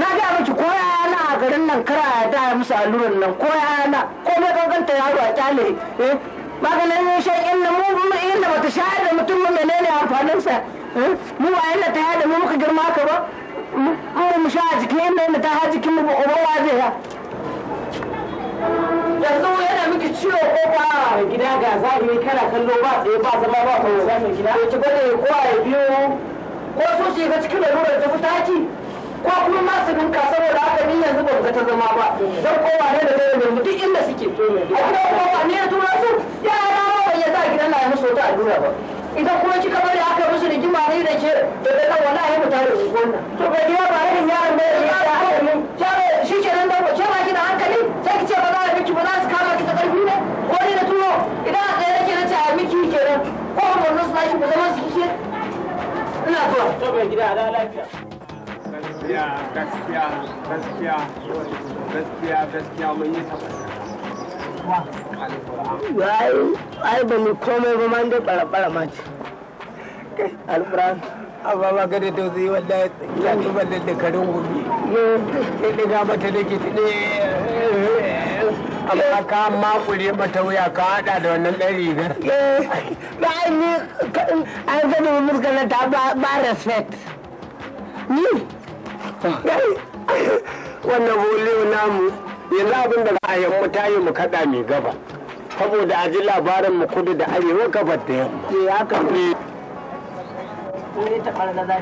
na na ga miki ko yana a garin nan kara ya da musu alluran nan ko yana ko komai kankanta yaro a kyale hmm? maganin shan inda mu inda bata shayar da mutum mu menene amfaninsa mu ba yadda ta yada mu muka girma ka ba mu mu sha a jikin inda ta ha jikin mu ba uban wa zai yanzu yana miki ciwo ko ba gida ga zahiri kana kallo ba tsaye ba zama ba ko zama gida ya ci bane ko a biyo ko so shi ga cikin lalurar ta fitaki ko kuma ma su ninka saboda haka ni yanzu ban ga ta zama ba dan kowa ne da zai nemi duk inda suke a gida ko ba ne ya tura su yara ba bai yasa gidan na musu wata allura ba idan kuma kika bari aka musu rigima ne da ke da daga wallahi mu tare da gona to ba gida ba irin yaran da ya yi ta haka ko borno su bashi ku zama su ina da lafiya gaskiya ai ba mu komai ba man dai ma ce. Alfuran. ba gada da zai wanda ya ci da Ne, ɗiga mata da ke ta amma ka makure mata wuya ka hada da wannan ɗan rigar eh, ba ni an gani murgana ta ba respect ni wannan holiyo namu yanzu abin da za a yi mu tayi mu kaɗa mai gaba saboda a ji labarin mu kudu da arewa gabar da yamma. Ke eh, haka eh. ne. Ne ta ɓarna za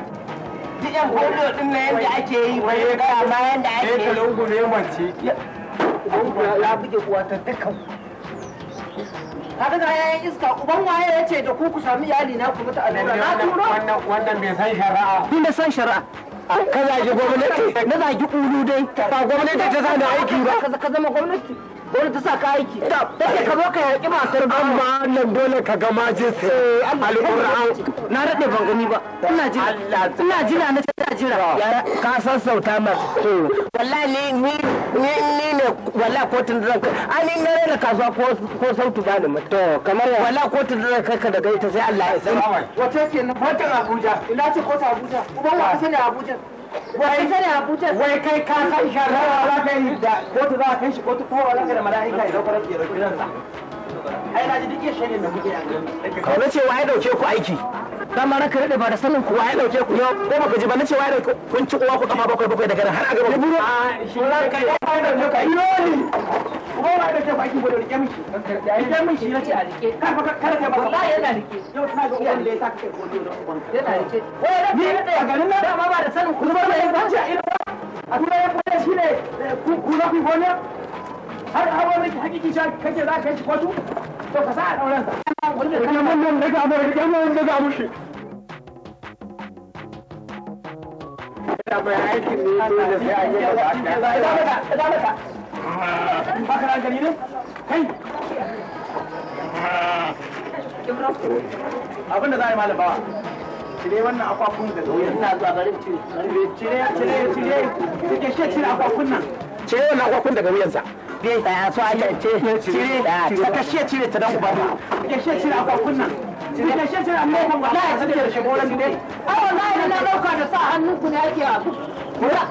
yan ɗin na yadda ake yi, wani kama yadda ake yi. Ne lungu ne mace. ya buge uwa ta dukkan kaga ga yayin iska uban ya ce da ku ku sami iyali na ku mutu a lura na turo wannan bai san shari'a ni na san shari'a ka zagi gwamnati na zagi ulu dai ba gwamnati ta zana aiki ba ka zama gwamnati dole ta sa ka aiki ta ke ka zo ka yaƙi matar ba amma nan dole ka ga majinsa eh, alƙur'an na daɗe ban gani ba ina jira ina jira na ta jira ka san sauta ma wallahi ni ni ni ne wallahi kotun da ranka ai ni na kasuwa ko sautu ba ni mata kamar wallahi kotun da ranka ka daga ita sai Allah ya san wace ce na fatan Abuja ina ce kota Abuja kuma wa ka sani Abuja wai sai abuja wai kai ka san sharrawa wala kai da kotu za a kai shi kotu kuma wala kai da mala'ika ya dauka da kiransa ai na ji duk yashe na ce dauke ku aiki dan ma ranka rade ba da sanin ku wai dauke ku yau ko baka ji ba na ce dauke kun ci uwa ku bakwai bakwai daga har a gaba ku A shi ranka ya kai dauke ka iloli ko wai dauke ku aiki ko rike mishi rike mishi ce a rike kar ka kar ka ba wallahi yana rike yau ga uwan da ya saka kai da yana rike nan sanin ku zubar da yan a ido a tura ya kwanci shi ne eh, ku na gona har abubuwan da hakiki sha kake za ka yi shi kotu to ka sa a ɗauransa. Wani da kan nan daga amurka kan nan daga amurka. Abin da za a yi malam bawa. cire wannan akwakun daga wuyan ina zuwa garin cire cire cire cire cire cire akwakun nan cire wannan akwakun daga wuyansa bai ta so a ce cire ta kashe cire ta dan uba ta kashe cire akwakun nan cire ta cire amma kan wallahi sai da shigo ran dai a yi na dauka da sa hannun ku ne ake a kula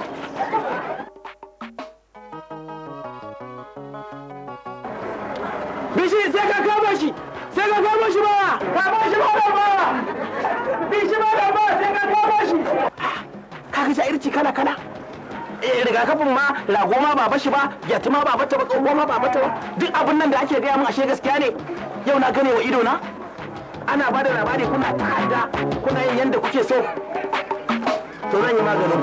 Bishi sai ka kama shi sai ka kamo shi ba kamo shi ba da ba bi shi ba da ba sai ka kamo shi kaga irci kala kala eh, rigakafin ma rago ma ba bashi ba yati ma ba bata ba tsoho ma ba bata ba duk abin nan da ake gaya min ashe gaskiya ne yau na gane wa ido na ana bada labari kuna ta'adda kuna yin yanda kuke so to zan yi maganin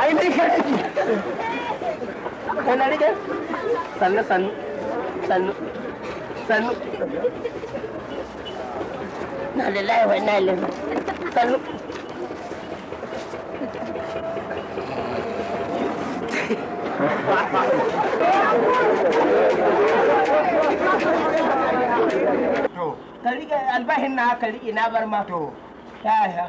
ai mai sharadi kana rike sannu sannu na lillahi wa inna ilaihi sannu ka rike albahin na na